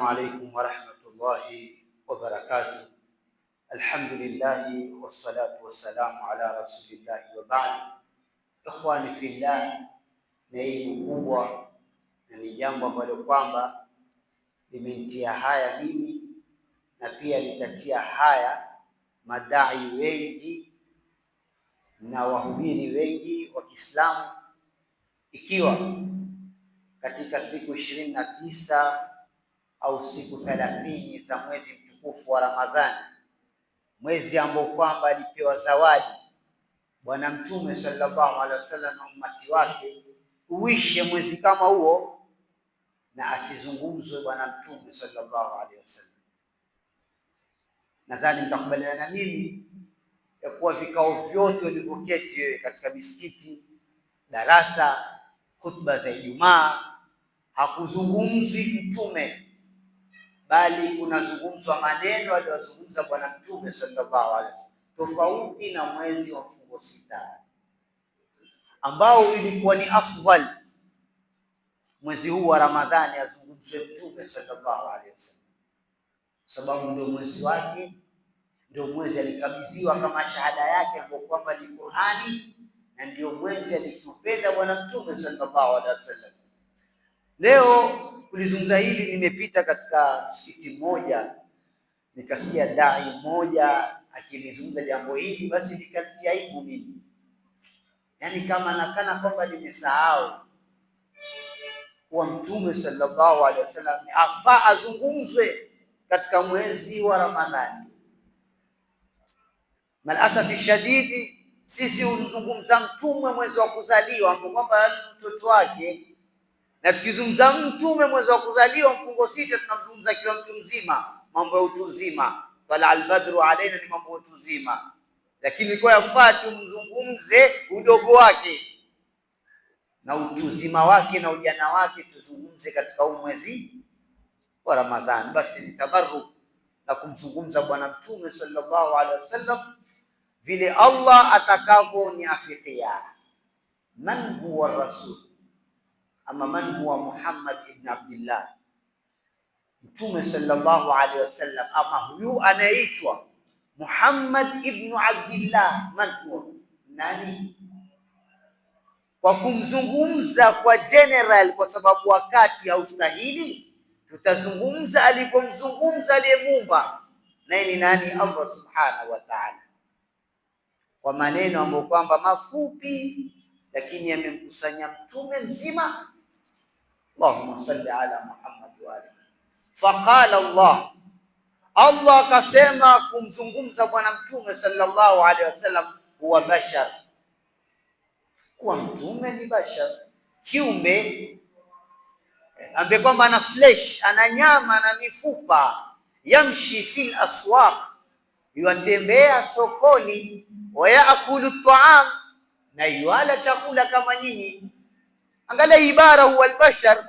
Alaikum warahmatullahi wabarakatuh. Alhamdulillahi wassalatu wassalamu ala rasulillahi wa ba'd. Ikhwani fillah, naibu kubwa na ni jambo ambalo kwamba limenitia haya mimi na pia litatia haya madai wengi na wahubiri wengi wa Kiislamu, ikiwa katika siku ishirini na tisa au siku thelathini za mwezi mtukufu wa Ramadhani, mwezi ambao kwamba alipewa zawadi Bwana Mtume sallallahu alaihi wasallam na umati wake, uishe mwezi kama huo na asizungumzwe Bwana Mtume sallallahu alaihi wasallam. Nadhani mtakubaliana na mimi ya kuwa vikao vyote ulivyoketi wewe katika misikiti, darasa, khutba za Ijumaa, hakuzungumzi Mtume bali kunazungumzwa maneno aliyozungumza Bwana Mtume sallallahu alaihi wasallam, tofauti na mwezi wa mfungo sita ambao ilikuwa ni afdhal mwezi huu wa Ramadhani azungumze Mtume sallallahu alaihi wasallam, sababu ndio mwezi wake, ndio mwezi alikabidhiwa kama shahada yake ambayo kwamba ni Qur'ani, na ndio mwezi alikupenda Bwana Mtume sallallahu alaihi wasallam leo kulizungumza hili, nimepita katika msikiti mmoja nikasikia dai mmoja akilizungumza jambo hili, basi nikatia aibu mimi, yaani kama nakana kwamba nimesahau kuwa Mtume sallallahu alaihi wasallam afaa azungumzwe katika mwezi wa Ramadhani. Malasafi shadidi, sisi humzungumza Mtume mwezi wa kuzaliwa, kwamba mtoto wake na tukizungumza mtume mwezi wa kuzaliwa mfungo sita, tunamzungumza kila mtu mzima, mambo ya utu uzima. fala albadru alaina ni mambo ya utu uzima, lakini kwa yafaa tumzungumze udogo wake na utu uzima wake na ujana wake, tuzungumze katika huu mwezi wa Ramadhani. Basi ni tabaruk na kumzungumza Bwana Mtume sallallahu alaihi wasallam vile Allah atakavyoniafikia. Man huwa rasul ama man mm. huwa Muhammad ibn Abdillah, Mtume sallallahu alaihi wasallam, ama huyu anayeitwa Muhammad ibn Abdillah, man huwa nani? Kwa kumzungumza kwa general, kwa sababu wakati haustahili, tutazungumza alipomzungumza aliyemumba naye ni nani? Allah subhanahu wa ta'ala, kwa maneno ambayo kwamba mafupi, lakini yamemkusanya mtume mzima Allahumma salli ala Muhammad wa ali. Faqala Allah, Allah akasema kumzungumza Bwana Mtume sallallahu alaihi wasallam, huwa bashar, kuwa mtume ni bashar, kiumbe eh, ambaye kwamba ana flesh, ana nyama, na mifupa. Yamshi fil aswaq, yuatembea sokoni, wayakulu yaakulu taam, na yuala chakula kama nyinyi Angalia ibara huwa albashar,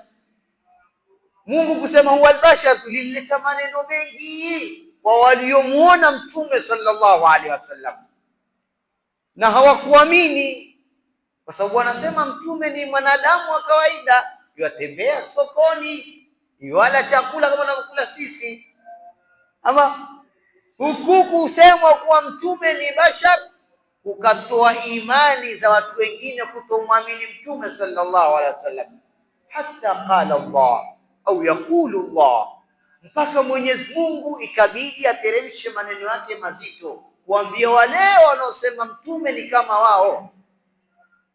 Mungu kusema huwa albashar tulileta maneno mengi kwa waliomuona Mtume sallallahu alaihi wasallam na hawakuamini, kwa sababu wanasema Mtume ni mwanadamu wa kawaida, yuatembea sokoni, yuala chakula kama tunavyokula sisi, ama huku kusemwa kuwa Mtume ni bashar kukatoa imani za watu wengine kutomwamini Mtume sallallahu alaihi wasallam, hata qala Allah au yaqulu Allah, mpaka Mwenyezi Mungu ikabidi ateremshe maneno yake mazito kuambia wale wanaosema mtume ni kama wao,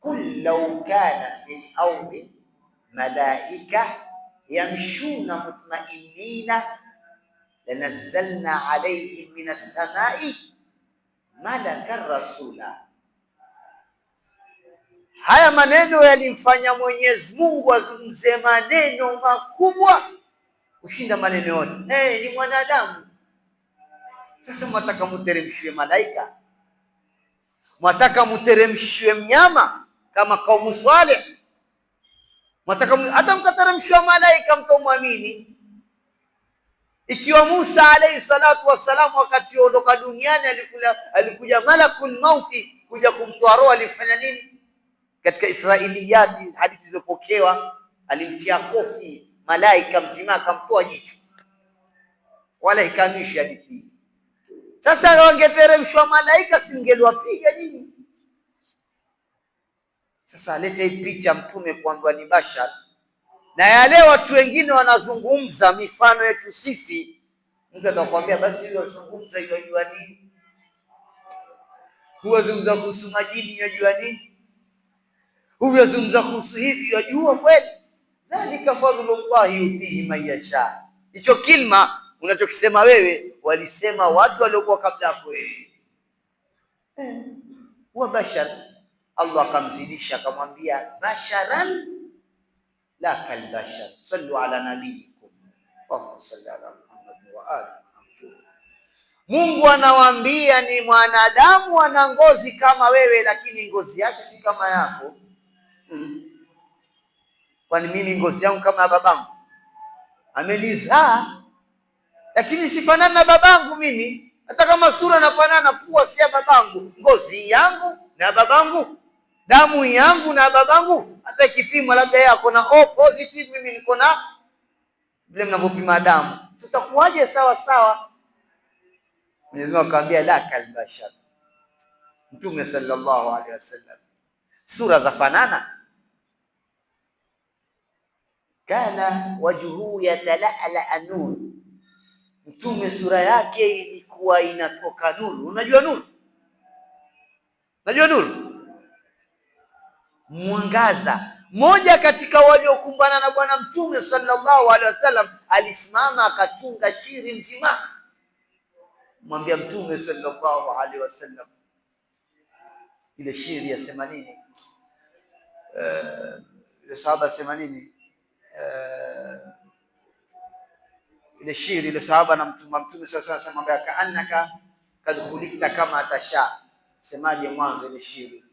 kul lau kana fil ardi malaika yamshuna mutmainina lanazzalna alayhim minas samai malaka rasula. Haya maneno yalimfanya Mwenyezi Mungu azungumze maneno makubwa kushinda maneno yote. Hey, ni mwanadamu. Sasa mwataka muteremshiwe malaika, mwataka muteremshiwe mnyama kama kaumu Swaleh, mwataka hata mkateremshiwa malaika mtomwamini ikiwa Musa alayhi salatu wassalam wakati ondoka duniani alikuja, alikuja malakul mauti kuja kumtoa roho, alifanya nini? Katika Israiliyati hadithi zilizopokewa, alimtia kofi malaika mzima akamtoa jicho, wala ikanishi hadithi hii. Sasa wangeteremshwa malaika, singeliwapiga nini? Sasa alete hii picha mtume kwamba ni bashar na yale watu wengine wanazungumza mifano yetu sisi, mtu atakwambia basi ilozungumza inajua nini? Huwazungumza kuhusu majini inajua nini? Huwazungumza kuhusu hivi yajua kweli? Dhalika fadhlullahi yutihi man yasha. Hicho kilma unachokisema wewe walisema watu waliokuwa kabla yako wewe. Eh, wa bashar, Allah akamzidisha akamwambia basharan la kalbashar. Sallu ala nabiyikum, Allahumma salli ala Muhammad wa ali Mungu anawaambia ni mwanadamu ana ngozi kama wewe, lakini ngozi yake si kama yako. Hmm. Kwani mimi ngozi yangu kama ya babangu? Amenizaa lakini sifanani na babangu mimi, hata kama sura nafanana, pua si ya babangu, ngozi yangu na babangu damu yangu na babangu, hata ikipimwa labda yeye ako na O positive, mimi niko na vile mnavyopima damu, tutakuwaje sawa sawa? Mwenyezi Mungu akamwambia la kalbashar. Mtume sallallahu alaihi wasallam, sura za fanana, kana wajhu yatalala nur, mtume sura yake ilikuwa inatoka nuru. Unajua nuru, unajua nuru mwangaza. Moja katika waliokumbana na Bwana Mtume sallallahu alaihi wasallam alisimama akatunga shiri nzima, mwambia Mtume sallallahu alaihi wasallam ile shiri ya themanini eh, ile sahaba themanini eh, ile shiri ile sahaba na mtuma Mtume mwambia kaannaka kad khulikta kama tasha, semaje mwanzo ile shiri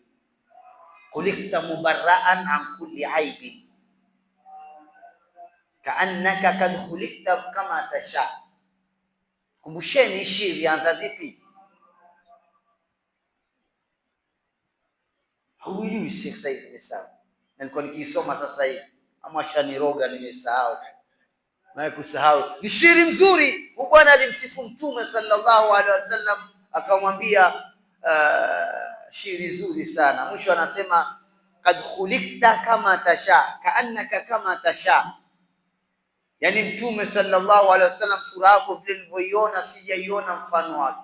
خلقت مبرأ عن كل عيب kaannaka kad khulikta kama tasha. Kumbusheni ishi ilianza vipi? Huyu Sheikh Said nimesahau, na nilikuwa nikiisoma sasa hivi, ama shaniroga, nimesahau na kusahau. Ni shiri mzuri, bwana alimsifu Mtume sallallahu alaihi wasallam akamwambia uh, shiri zuri sana. Mwisho anasema kad khulikta kama tasha kaannaka kama tasha, yani Mtume sallallahu alaihi wasallam, sura yako vile nilivyoiona sijaiona mfano wake.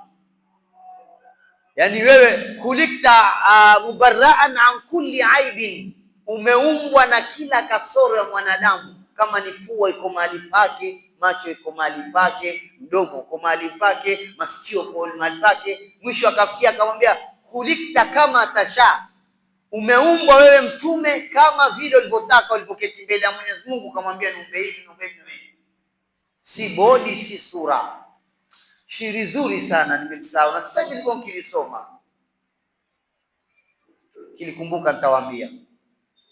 yani wewe khulikta uh, mubarraan an kulli aibin, umeumbwa na kila kasoro ya mwanadamu, kama ni pua iko mahali pake, macho iko mahali pake, mdomo uko mahali pake, masikio uko mahali pake. Mwisho akafikia akamwambia khulikta kama tasha, umeumbwa wewe mtume kama vile ulivyotaka. ulivyoketi mbele ya Mwenyezi Mungu ukamwambia niumbe hivi, niumbe hivi, si bodi si sura. Shiri zuri sana, nimesahau na sasa nilikuwa nikisoma kilikumbuka, nitawaambia.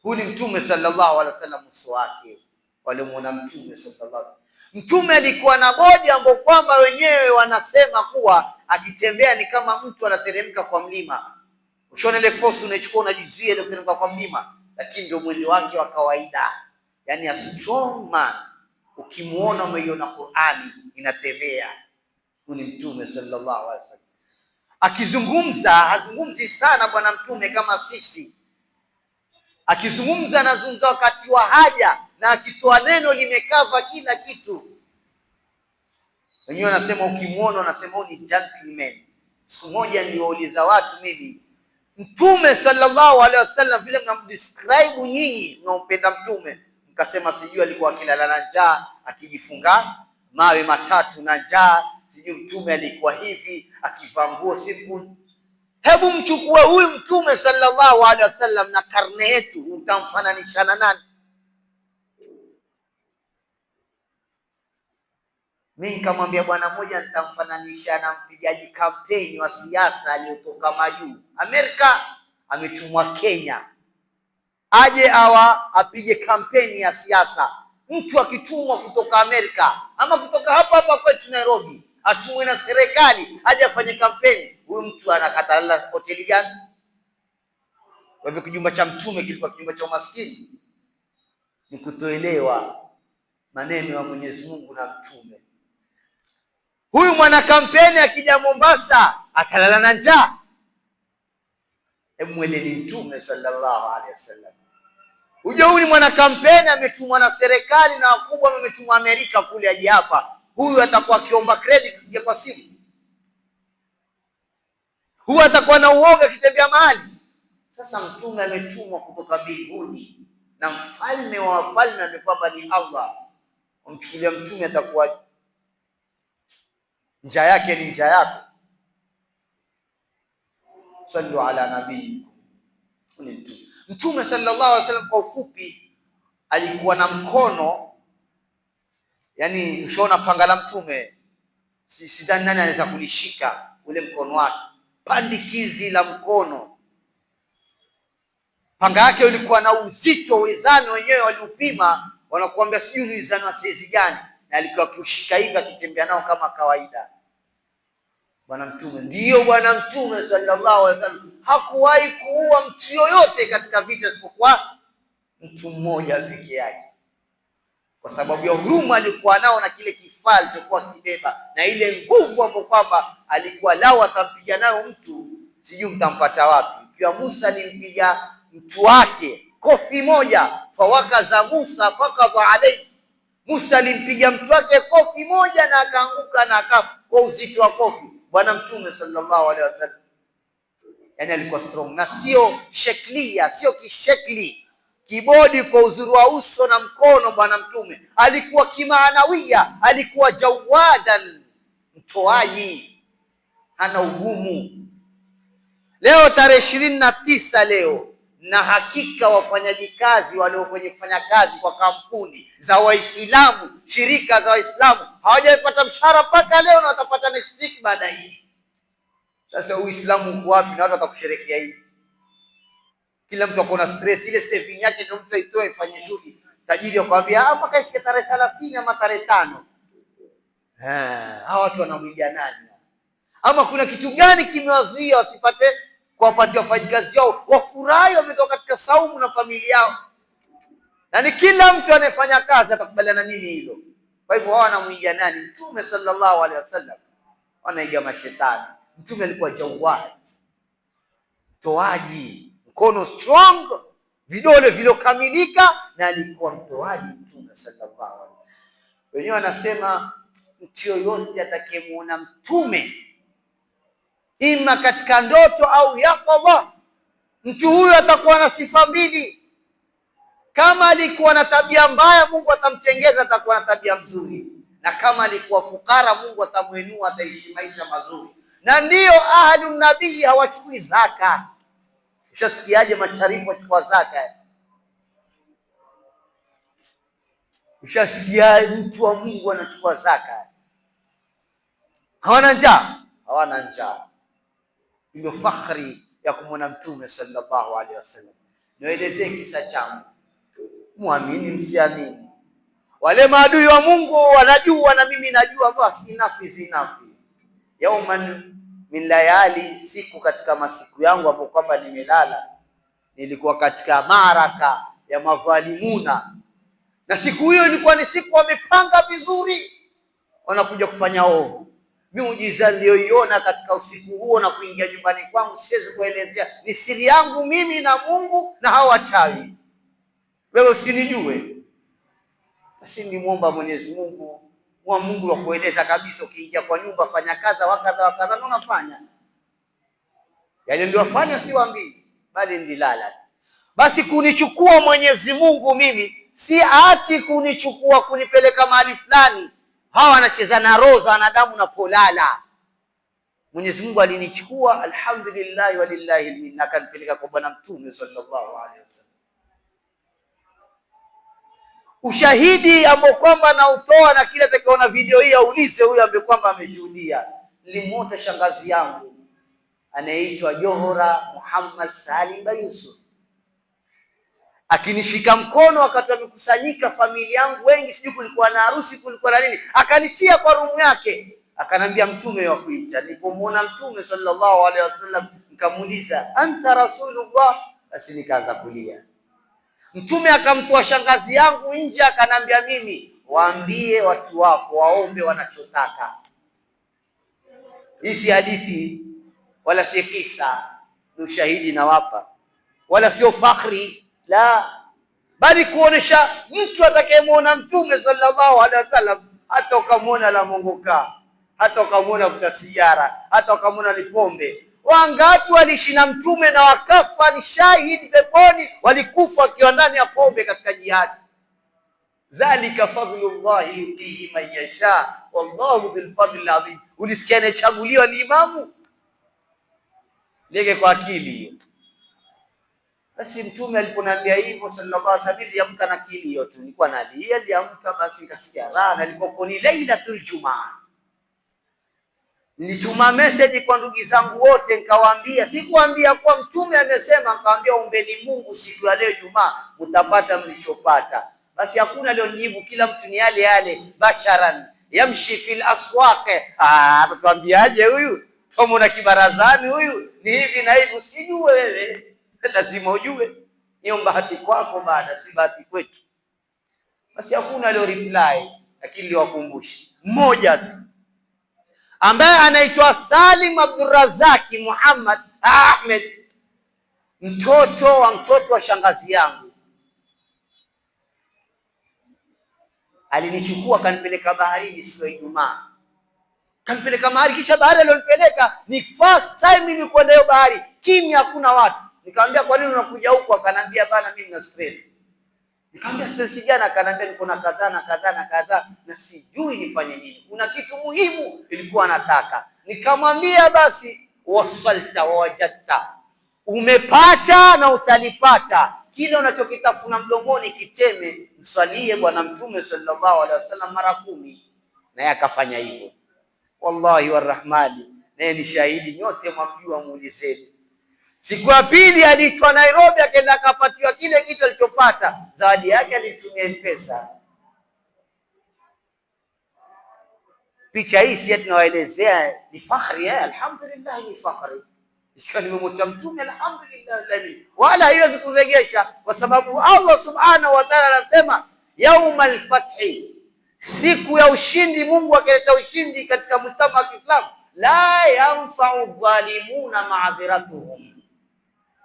Huyu ni mtume sallallahu alaihi wasallam, uso wake walimuona mtume sallallahu alaihi wasallam. Mtume alikuwa na bodi ambao kwamba wenyewe wanasema kuwa akitembea ni kama mtu anateremka kwa mlima. Ushaona ile force unaichukua, unajizuia ile kuteremka kwa mlima, lakini ndio mwili wake wa kawaida, yaani a strong man. Ukimuona umeiona Qur'ani inatembea, huyu ni Mtume sallallahu alaihi wasallam akizungumza hazungumzi sana Bwana Mtume kama sisi. Akizungumza anazungumza wakati wa haja, na akitoa neno limekava kila kitu. Wenyewe wanasema ukimwona unasema ni gentleman. Siku moja niliwauliza watu mimi, Mtume sallallahu alaihi wasallam vile mnamdescribe nyinyi mnaompenda Mtume, mkasema sijui alikuwa akilala na njaa akijifunga mawe matatu na njaa, sijui Mtume alikuwa hivi akivaa nguo simple. Hebu mchukue huyu Mtume sallallahu alaihi wasallam na karne yetu, utamfananishana nani? Mimi nikamwambia bwana mmoja nitamfananisha na mpigaji kampeni wa siasa aliyotoka majuu Amerika, ametumwa Kenya aje awa apige kampeni ya siasa. Mtu akitumwa kutoka Amerika ama kutoka hapa hapa kwetu Nairobi, atumwe na serikali aje afanye kampeni, huyu mtu anakatala hoteli gani? Kwa hivyo kijumba cha mtume kilikuwa kijumba cha umaskini. Ni kutoelewa maneno ya Mwenyezi Mungu na mtume. Huyu mwana kampeni akija Mombasa atalala na njaa. Emweleni Mtume sallallahu alaihi wasallam. Huja huyu ni mwana kampeni, ametumwa na serikali na wakubwa, ametumwa Amerika kule aje hapa. Huyu atakuwa akiomba credit kuja kwa simu, huyu atakuwa na uoga akitembea mahali. Sasa Mtume ametumwa kutoka mbinguni na mfalme wa wafalme amekuwa ni Allah, amchukulia Mtume atakuwa njia yake ni njia yako. Sallu ala nabii ni mtume. Mtume sallallahu alaihi wasallam kwa ufupi alikuwa na mkono, yani ushaona panga la mtume, sidhani nani anaweza kulishika ule mkono wake, pandikizi la mkono. Panga yake ulikuwa na uzito, wizani wenyewe waliupima, wanakuambia sijui ni wizani wa gani na alikuwa akiushika hivi akitembea nao kama kawaida. Bwana Mtume ndiyo, Bwana Mtume sallallahu alaihi wasallam hakuwahi kuua mtu yoyote katika vita isipokuwa mtu mmoja peke yake, kwa sababu ya huruma alikuwa nao na kile kifaa alichokuwa kibeba na ile nguvu ambayo kwamba alikuwa lao, atampiga nayo mtu sijui mtampata wapi. Pia Musa alimpiga mtu wake kofi moja, fawakaza Musa fakadha alaihi Musa alimpiga mtu wake kofi moja na akaanguka na akafa kwa uzito wa kofi. Bwana Mtume sallallahu alaihi wasallam, yani alikuwa strong na sio sheklia, sio kishekli kibodi kwa uzuri wa uso na mkono. Bwana Mtume alikuwa kimaanawia, alikuwa jawadan, mtoaji, hana ugumu. Leo tarehe ishirini na tisa leo na hakika wafanyaji kazi walio kwenye kufanya kazi kwa kampuni za Waislamu, shirika za Waislamu hawajapata mshahara mpaka leo na watapata next week baada hii. Sasa Uislamu uko wapi na watu watakusherekea hivi? Kila mtu akona stress, ile saving yake ndio mtu aitoe ifanye shughuli. Tajiri akwambia ah, mpaka ifike tarehe 30 ama tarehe tano. Hawa watu wanamwiga nani? Ama kuna kitu gani kimewazuia wasipate kuwapatia wafanyikazi wao wafurahi, wametoka katika saumu na familia yao, na ni kila mtu anayefanya kazi atakubaliana nini hilo. Kwa hivyo wao wanamwiga nani? Mtume sallallahu alaihi wasallam, wanaiga mashetani. Mtume alikuwa jawad, mtoaji, mkono strong, vidole vilokamilika, na alikuwa mtoaji Mtume sallallahu alaihi wasallam. Wenyewe wanasema mtu yoyote atakayemuona Mtume ima katika ndoto au yaqadha. Mtu huyo atakuwa na sifa mbili. Kama alikuwa na tabia mbaya, Mungu atamtengeza, atakuwa na tabia mzuri, na kama alikuwa fukara, Mungu atamwinua, ataishi maisha mazuri. Na ndiyo ahlu nabii hawachukui zaka. Ushasikiaje masharifu wachukua zaka? Ushasikia mtu wa Mungu anachukua zaka? Hawana njaa, hawana njaa. Ndio fakhri ya kumwona Mtume sallallahu alaihi wasallam. Niwaelezee kisa changu, muamini msiamini, wale maadui wa Mungu wanajua na mimi najua, basi inafi zinafi yauman min layali, siku katika masiku yangu hapo kwamba nimelala, nilikuwa katika maraka ya madhalimuna, na siku hiyo ilikuwa ni siku wamepanga vizuri, wanakuja kufanya ovu miujiza niliyoiona katika usiku huo na kuingia nyumbani kwangu, siwezi kuelezea, ni siri yangu mimi na Mungu na hawa wachawi. Wewe usinijue. Basi nimuomba Mwenyezi Mungu, wa Mungu wa kueleza kabisa, ukiingia kwa nyumba fanya kadha wakadha wakadha, na unafanya yale yaani ndio wafanya, si wambii, bali ndilala. Basi kunichukua Mwenyezi Mungu mimi si ati kunichukua kunipeleka mahali fulani hawa wanacheza na roho za wanadamu na polala. Mwenyezi Mungu alinichukua, alhamdulillah walillahi minna, akanipeleka kwa Bwana Mtume sallallahu alaihi wasallam. Ushahidi ambao kwamba nautoa na kila atakayeona video hii aulize huyo ambaye kwamba ameshuhudia. Nilimwota shangazi yangu anayeitwa Johora Muhammad Salim Yusuf akinishika mkono wakati wamekusanyika familia yangu wengi, sijui kulikuwa na harusi, kulikuwa na nini, akanitia kwa rumu yake, akanambia mtume wa kuita. Nilipomuona mtume sallallahu alaihi wasallam nikamuuliza anta rasulullah, basi nikaanza kulia. Mtume akamtoa shangazi yangu nje, akanambia mimi, waambie watu wako waombe wanachotaka. Hii si hadithi wala si kisa, ni ushahidi nawapa, wala sio fakhri la bali kuonesha mtu atakayemwona Mtume sallallahu alaihi wasallam, hata ukamwona la hata ukamwona vuta sigara, hata ukamwona lipombe Wangapi waliishi na Mtume na wakafa ni shahidi peponi, walikufa wakiwa ndani ya pombe katika jihadi. Dhalika fadlullahi yutihi man yasha wallahu dhul fadli adhim. Ulisikia anayechaguliwa ni imamu? Lege kwa akili hiyo basi mtume aliponiambia hivyo sallallahu alaihi wasallam, niliamka na kilio tu, nilikuwa nalia, niliamka basi nikasikia raha, na ilikuwa ni Lailatul Jumaa. Nilituma message kwa ndugu zangu wote, nikawaambia, sikuambia kuwa mtume amesema, nikawaambia ombeni Mungu siku ya leo Jumaa mtapata mlichopata. Basi hakuna aliyonijibu, kila mtu ni yale yale, basharan yamshi fil aswaq. Ah, atatuambiaje huyu? Kama na kibarazani huyu ni hivi na hivi, sijue wewe lazima ujue hiyo bahati kwako, baada si bahati kwetu. Basi hakuna leo reply, lakini liwakumbushe mmoja tu ambaye anaitwa Salim Abdurazaki Muhammad Ahmed, mtoto wa mtoto wa shangazi yangu. Alinichukua kanipeleka baharini siku ya Ijumaa, kanipeleka bahari, kisha bahari alionipeleka ni first time nilikwenda hiyo bahari, kimya, hakuna watu Nikamwambia kwa nini unakuja huku? Akanambia bana, mimi na stress. Nikamwambia stress gani? Akanambia niko na kadhaa na kadhaa na kadhaa na sijui nifanye nini, kuna kitu muhimu nilikuwa nataka. Nikamwambia basi, wasalta wawajadta, umepata na utalipata kile unachokitafuna mdomoni kiteme, msalie Bwana Mtume sallallahu alaihi wasallam mara kumi. Naye akafanya hivyo, wallahi warahmani, naye ni shahidi, nyote mwamjua, muulizeni Siku ya pili aliitwa Nairobi, akaenda akapatiwa kile kitu alichopata. Zawadi yake alitumia pesa. Picha hii si tunawaelezea ni fakhri, eh? alhamdulillah, ni fakhri ikiwa nimemuta Mtume, alhamdulillah, wala haiwezi kuregesha, kwa sababu Allah subhanahu wa ta'ala anasema yauma alfathi, siku ya ushindi. Mungu akileta ushindi katika mujtama wa Kiislamu, la yanfau dhalimuna madhiratuhum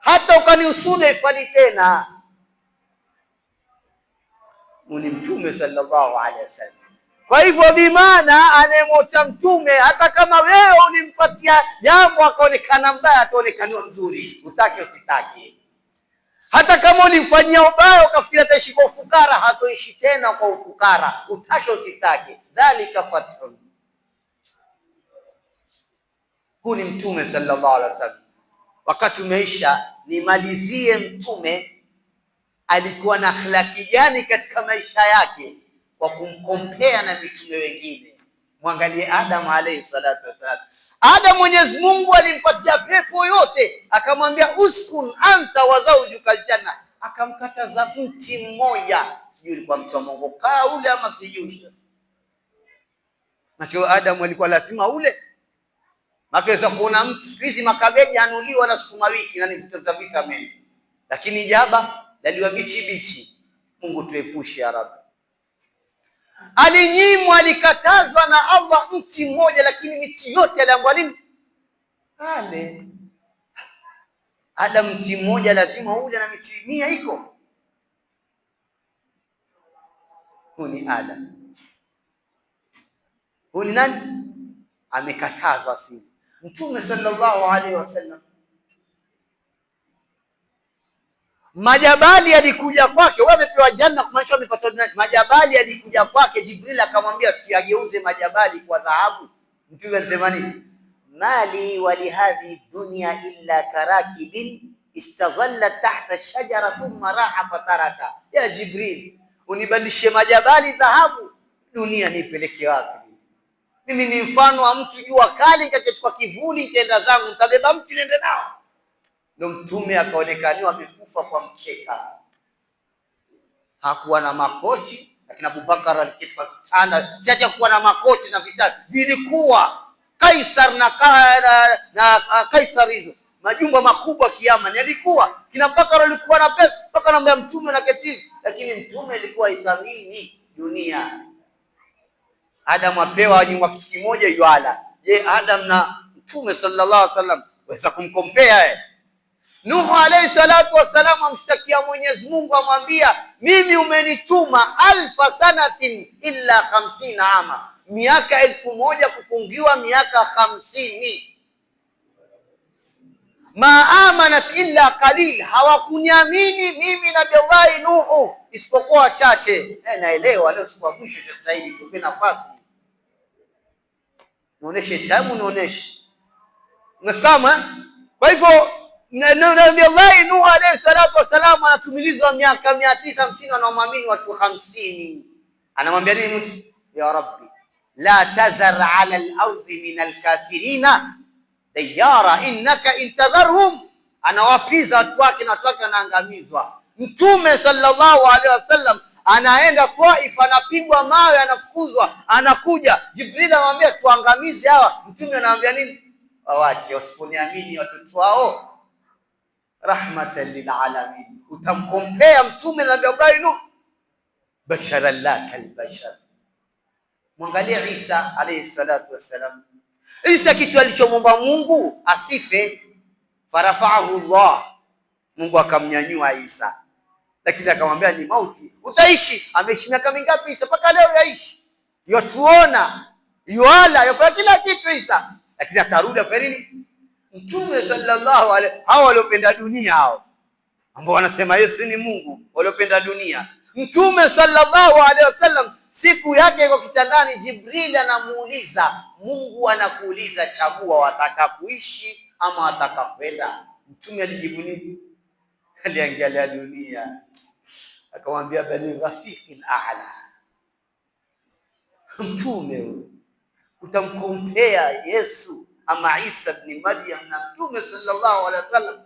hata ukaniusulu ifali tena. Ni Mtume sallallahu alaihi wasallam. Kwa hivyo, bimaana anayemwota Mtume, hata kama wewe ulimpatia jambo akaonekana mbaya, ataonekaniwa mzuri, utake usitake. Hata kama ulimfanyia ubaya ukafikiri ataishi kwa ufukara, hatoishi tena kwa ufukara, utake usitake. Dhalika fathun, huu ni Mtume sallallahu alaihi wasallam. Wakati umeisha nimalizie Mtume alikuwa na akhlaki gani katika maisha yake, kwa kumkompea na mitume wengine. Mwangalie Adamu alayhi salatu wassalam. Adam, Mwenyezi Mungu alimpatia pepo yote, akamwambia uskun anta wa zaujuka aljanna, akamkataza mti mmoja, sijui ilikuwa mtu wa kaa ule ama sijui, maana Adamu alikuwa lazima ule Makaweza kuona mtu siku hizi makabeji anuliwa na sukuma wiki na nivutavuta vitamini, lakini jaba laliwa bichi bichi. Mungu tuepushe ya Rabbi. Alinyimwa, alikatazwa na Allah mti mmoja, lakini miti yote aliambiwa nini? Ale ada mti mmoja lazima uje na miti mia iko huu ni ada, huu ni nani amekatazwa sisi. Mtume sallallahu alaihi wasallam. Majabali alikuja kwake, wewe umepewa janna, kumaanisha umepata. Majabali alikuja kwake, Jibril akamwambia siageuze majabali kwa dhahabu. Mtume alisema nini? mali walihadhi dunya illa karakibin istadhalla tahta shajara thumma raha fataraka. Ya Jibril, unibadilishe majabali dhahabu, dunia niipeleke wapi? Mimi ni mfano wa mtu, jua kali nikachukua kivuli, nikaenda zangu, nitabeba mtu niende nao. Ndo Mtume akaonekaniwa amekufa kwa mkeka, hakuwa na makoti, lakini Abubakar aliketi kwa vitanda. Siacha kuwa na makoti na vitanda, vilikuwa Kaisar na, na, na Kaisar hizo majumba makubwa kiama nilikuwa kina Bakar alikuwa na pesa mpaka namba ya Mtume na ketivi, lakini Mtume alikuwa ithamini dunia. Adamu apewa nyumba kitu kimoja yuala. Je, Adam na Mtume sallallahu alaihi wasallam waweza kumkompea? Nuhu alayhi salatu wassalam amshtakia Mwenyezi Mungu, amwambia mimi umenituma alfa sanatin illa khamsina ama, miaka elfu moja kupungiwa miaka hamsini ma amanat illa qalil, hawakuniamini mimi nabii Allahi Nuhu isipokuwa wachache. Eh, naelewa leo siku ya mwisho, sasa tupe nafasi, nionyeshe tamu, nionyeshe Unafahamu eh? Kwa hivyo Nabii Allahi Nuhu alayhi salatu wassalam anatumilizwa miaka mia tisa hamsini wanaomwamini watu hamsini. Anamwambia nini mtu? Ya Rabbi la tadhar ala al-ardi min al-kafirina dayara innaka intadharhum, anawapiza watu wake na watu wake wanaangamizwa. Mtume sallallahu alaihi wasallam anaenda Taif, anapigwa mawe, anafukuzwa, anakuja Jibril anamwambia tuangamize hawa. Mtume anamwambia nini? Wawache, wasiponiamini watoto wao, rahmatan lilalamin. Utamkompea mtume na Nuh, basharan la kalbashar. Mwangalie Isa alaihi salatu wassalam Isa kitu alichomwomba Mungu asife, farafaahu Allah, Mungu akamnyanyua Isa, lakini akamwambia ni mauti, utaishi. Ameishi miaka mingapi Isa mpaka leo? Yaishi, yatuona, yuala, yafanya kila kitu Isa, lakini atarudi afanye nini? Mtume sallallahu alaihi, hao waliopenda dunia, hao ambao wanasema Yesu ni Mungu, waliopenda dunia. Mtume sallallahu alaihi wasallam siku yake iko kitandani, Jibrili anamuuliza Mungu anakuuliza, chagua wataka kuishi ama wataka kwenda. Mtume alijibu nini? Aliangalia dunia akamwambia, bali rafiqil a'la. Mtume utamkompea Yesu ama Isa bni Maryam na Mtume sallallahu alaihi wasallam?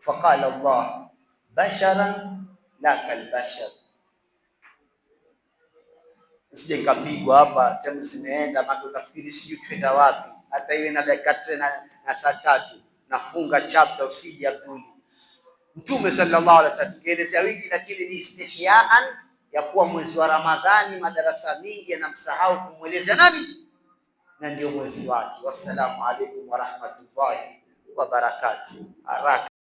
Faqala Allah basharan la kalbashar sije nikapigwa hapa, temu zimeenda maka, utafikiri sijui twenda wapi. Hata iwe na dakika tena na saa tatu nafunga chapter, usije Abduli. Mtume sallallahu alaihi wasallam tukielezea wingi, lakini ni istihyaan ya kuwa mwezi wa Ramadhani madarasa mingi yanamsahau kumweleza nani, na ndio mwezi wake. Wassalamu alaikum warahmatullahi wabarakatuh.